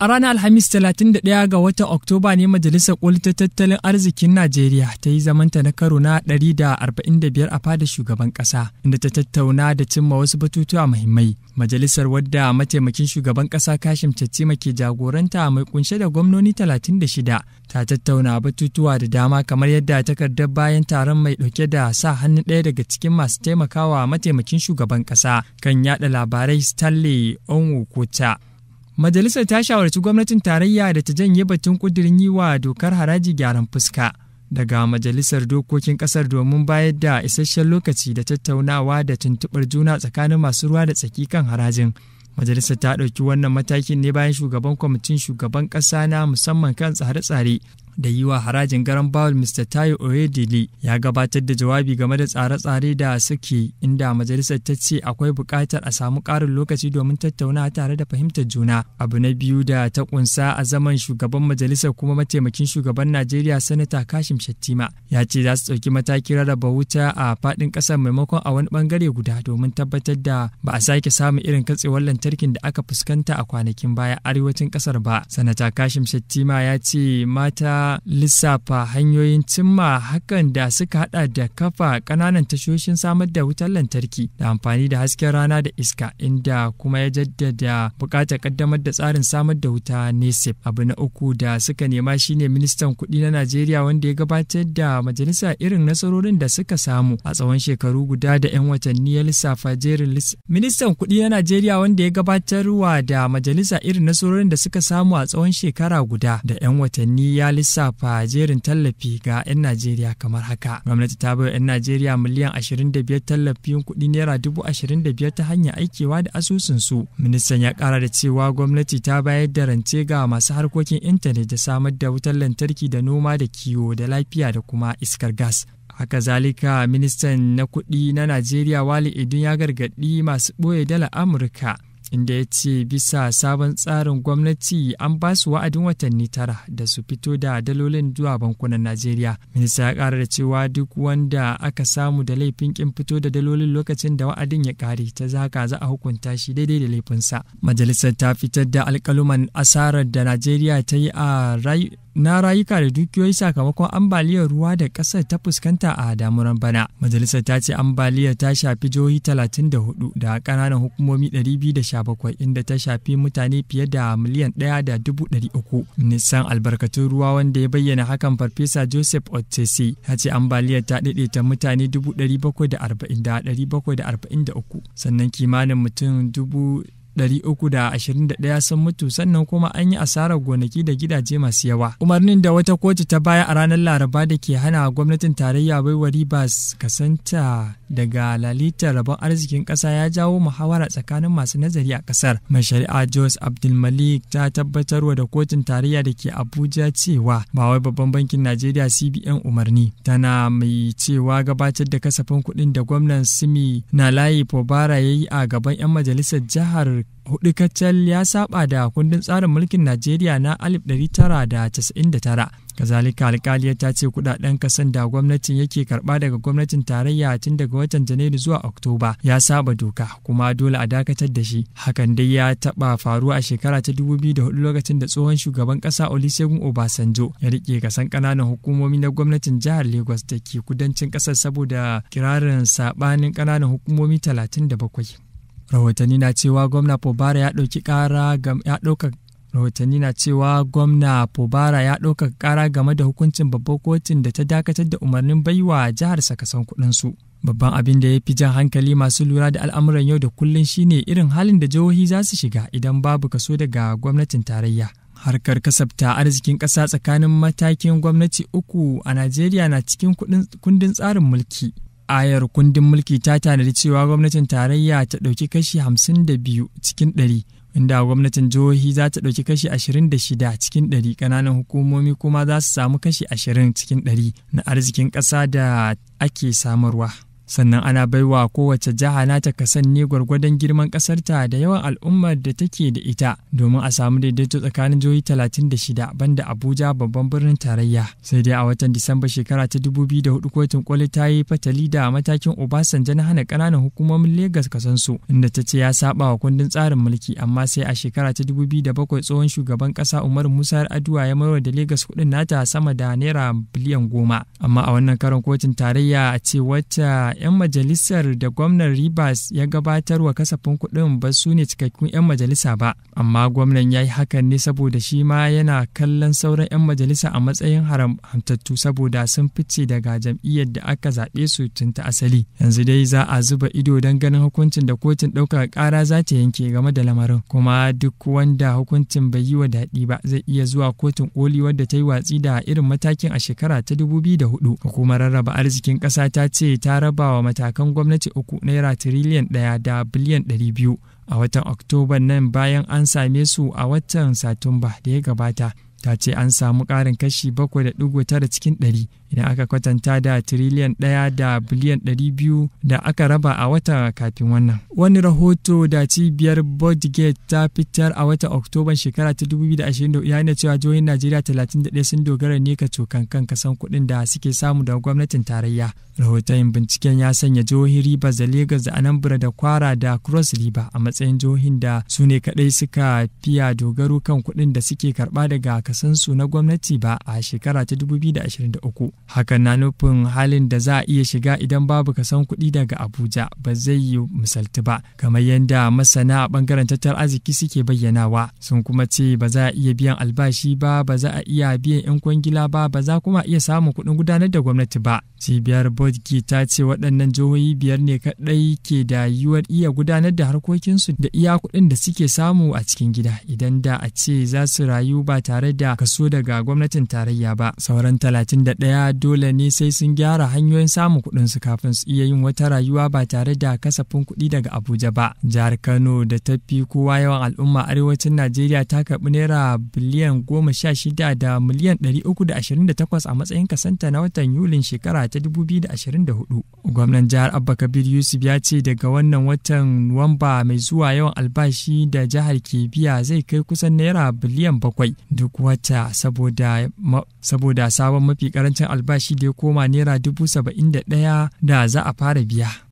A ranar Alhamis 31 ga watan Oktoba ne Majalisar Kwalitar Tattalin Arzikin Najeriya ta yi zamanta na karo na 145 a fada shugaban ƙasa, inda ta tattauna da cimma wasu batutuwa muhimmai. Majalisar wadda mataimakin shugaban ƙasa Kashim Cettima ke jagoranta mai kunshe da gwamnoni 36 ta tattauna batutuwa da dama kamar yadda takardar bayan taron mai ɗauke da sa hannu ɗaya daga cikin masu taimakawa mataimakin shugaban ƙasa kan yada labarai Stanley Onwukuta. Majalisar ta shawarci gwamnatin tarayya da ta janye batun ƙudirin yi wa dokar haraji gyaran fuska daga Majalisar Dokokin Ƙasar domin bayar da isasshen lokaci da tattaunawa da tuntuɓar juna tsakanin masu ruwa da tsaki kan harajin. Majalisar ta ɗauki wannan matakin ne bayan shugaban kwamitin shugaban ƙasa na musamman kan tsare-tsare da yi wa harajin garan bawul Mr. Tayo Oyedele ya gabatar da jawabi game da tsare-tsare da suke inda majalisar ta ce akwai buƙatar a samu ƙarin lokaci domin tattauna tare da fahimtar juna. Abu na biyu da ta kunsa a zaman shugaban majalisar kuma mataimakin shugaban Najeriya Sanata Kashim Shattima ya ce za su ɗauki matakin rarraba wuta a faɗin ƙasar maimakon a wani ɓangare guda domin tabbatar da ba a sake samun irin katsewar lantarkin da aka fuskanta a kwanakin baya arewacin ƙasar ba. Sanata Kashim Shattima ya ce mata lissafa hanyoyin cimma hakan da suka hada da kafa ƙananan tashoshin samar da wutar lantarki da amfani da hasken rana da iska inda kuma ya jaddada bukatar ƙaddamar da tsarin samar da wuta nesip abu na uku da suka nema shine ministan kuɗi na najeriya wanda ya gabatar da majalisa irin nasarorin da suka samu a tsawon shekaru guda da 'yan watanni ya lissafa jerin ministan kuɗi na najeriya wanda ya gabatarwa da majalisa irin nasarorin da suka samu a tsawon shekara guda da 'yan watanni ya lissafa lissafa jerin tallafi ga 'yan Najeriya kamar haka. Gwamnati ta bayar 'yan Najeriya miliyan 25 tallafin kuɗi naira biyar ta hanyar aikewa da asusun su. Ministan ya kara da cewa gwamnati ta bayar da rance ga masu harkokin intanet da samar da wutar lantarki da noma da kiwo da lafiya da kuma iskar gas. haka zalika ministan na kuɗi na najeriya wali idun ya gargaɗi masu ɓoye dala amurka inda ya ce bisa sabon tsarin gwamnati an ba su wa'adin watanni tara da su fito da dalolin zuwa bankunan najeriya minista ya kara da cewa duk wanda aka samu da laifin kin fito da dalolin lokacin da wa'adin ya kare ta zaka za a hukunta shi daidai da laifinsa majalisar ta fitar da alkaluman asarar da najeriya ta yi a na rayuka da dukiyoyi sakamakon ambaliyar ruwa da ƙasar ta fuskanta a damuran bana. Majalisar ta ce ambaliyar ta shafi jihohi 34 da ƙananan hukumomi 217 inda ta shafi mutane fiye da miliyan 1.300. Nisan albarkatun ruwa wanda ya bayyana hakan Farfesa Joseph Otese ya ce ambaliyar ta daidaita mutane 740 da 743 sannan kimanin mutum 321 sun mutu sannan kuma an yi asarar gonaki da gidaje masu yawa. Umarnin da wata kotu ta baya a ranar Laraba da ke hana gwamnatin tarayya baiwa Ribas kasanta daga lalitar rabon arzikin ƙasa ya jawo muhawara tsakanin masu nazari a ƙasar. Mai shari'a Jos Abdulmalik ta tabbatarwa da kotun tarayya da ke Abuja cewa ba wai babban bankin Najeriya CBN umarni tana mai cewa gabatar da kasafin kuɗin da gwamnan Simi na layi Fobara ya yi a gaban 'yan majalisar jihar hudu kacal ya saba da kundin tsarin mulkin Najeriya na 1999. Kazalika alkaliya ta ce kudaden kasan da gwamnatin yake karba daga gwamnatin tarayya tun daga watan Janairu zuwa Oktoba ya saba doka kuma dole a dakatar da shi. Hakan dai ya taba faruwa a shekara ta 2004 lokacin da tsohon shugaban kasa Olusegun Obasanjo ya rike kasan kananan hukumomi na gwamnatin jihar Lagos da ke kudancin kasar saboda kirarin sabanin kananan hukumomi 37. rahotanni na cewa gwamna pobara ya ɗauki ƙara ya ɗauka rahotanni na cewa gwamna pobara ya ɗauka ƙara game da hukuncin babban kotun da ta dakatar da umarnin baiwa jihar sakasan kuɗinsu babban abin da ya fi jan hankali masu lura da al'amuran yau da kullun shine irin halin da jihohi za su shiga idan babu kaso daga gwamnatin tarayya harkar kasafta arzikin ƙasa tsakanin matakin gwamnati uku a najeriya na cikin kundin tsarin mulki ayar kundin mulki ta tanadi cewa gwamnatin tarayya ta ɗauki kashi 52 cikin ɗari inda gwamnatin jihohi za ta ɗauki kashi 26 cikin 100 ƙananan hukumomi kuma za su samu kashi 20 cikin ɗari na arzikin ƙasa da ake samarwa. sannan ana baiwa kowace jiha nata ne gwargwadon girman kasarta da yawan al'ummar da take da ita domin a samu daidaito tsakanin jihohi shida banda abuja babban birnin tarayya sai dai a watan disamba shekara ta 2004 kotun koli ta yi fatali da matakin obasanjo na hana kananan hukumomin lagos kasansu inda ta ce ya saba wa kundin tsarin mulki amma sai a shekara ta 2007 tsohon shugaban kasa umar musa aduwa ya mayar da lagos kudin nata sama da naira biliyan goma amma a wannan karon kotun tarayya a ce wata 'yan majalisar da gwamnan Rivers ya gabatar wa kasafin kuɗin ba su ne cikakkun 'yan majalisa ba, amma gwamnan ya yi hakan ne saboda shi ma yana kallon sauran 'yan majalisa a matsayin haramtattu saboda sun fice daga jam'iyyar da aka zaɓe su tun ta asali. Yanzu dai za a zuba ido don ganin hukuncin da kotun ɗaukar ƙara za ta yanke game da lamarin, kuma duk wanda hukuncin bai yi wa daɗi ba zai iya zuwa kotun ƙoli wadda ta yi watsi da irin matakin a shekara ta 2004. Hukumar rarraba arzikin ƙasa ta ce ta raba wa matakan gwamnati uku naira tiriliyan ɗaya da biliyan ɗari biyu a watan oktoba nan bayan an same su a watan satumba da ya gabata ta ce an samu ƙarin kashi da 7.9 cikin 100 idan aka kwatanta da tiriliyan 1 da biliyan 200 da aka raba a wata kafin wannan. Wani rahoto da cibiyar Bodgate ta fitar a wata Oktoban shekara ta 2020 ya nuna cewa jihohin Najeriya 31 sun dogara ne ka cokan kan kasan kuɗin da suke samu daga gwamnatin tarayya. Rahoton binciken ya sanya jihohin Rivers da Lagos da Anambra da Kwara da Cross River a matsayin jihohin da su ne kaɗai suka fiya dogaro kan kuɗin da suke karɓa daga su na gwamnati ba a shekara ta 2023 hakan na nufin halin da za a iya shiga idan babu kasan kuɗi daga abuja ba zai yi misalti ba kamar yadda masana a ɓangaren tattalin arziki suke bayyanawa sun kuma ce ba za a iya biyan albashi ba ba za a iya biyan 'yan kwangila ba ba za kuma iya samun kuɗin gudanar da gwamnati ba cibiyar bodki ta ce waɗannan jihohi biyar ne kaɗai ke da yiwuwar iya gudanar da harkokinsu da iya kuɗin da suke samu a cikin gida idan da a ce za su rayu ba tare da kaso daga gwamnatin tarayya ba sauran ɗaya dole ne sai sun gyara hanyoyin samun kuɗin su kafin su iya yin wata rayuwa ba tare da kasafin kuɗi daga abuja ba jihar kano da ta fi kowa yawan al'umma arewacin najeriya ta karɓi naira biliyan goma sha shida da miliyan ɗari uku da ashirin da takwas a matsayin kasanta na watan yulin shekara ta dubu biyu da ashirin da hudu gwamnan jihar abba kabir yusuf ya ce daga wannan watan nuwamba mai zuwa yawan albashi da jihar ke biya zai kai kusan naira biliyan bakwai duk wata saboda sabon mafi karancin albashi da ya koma naira dubu saba'in da ɗaya da za a fara biya.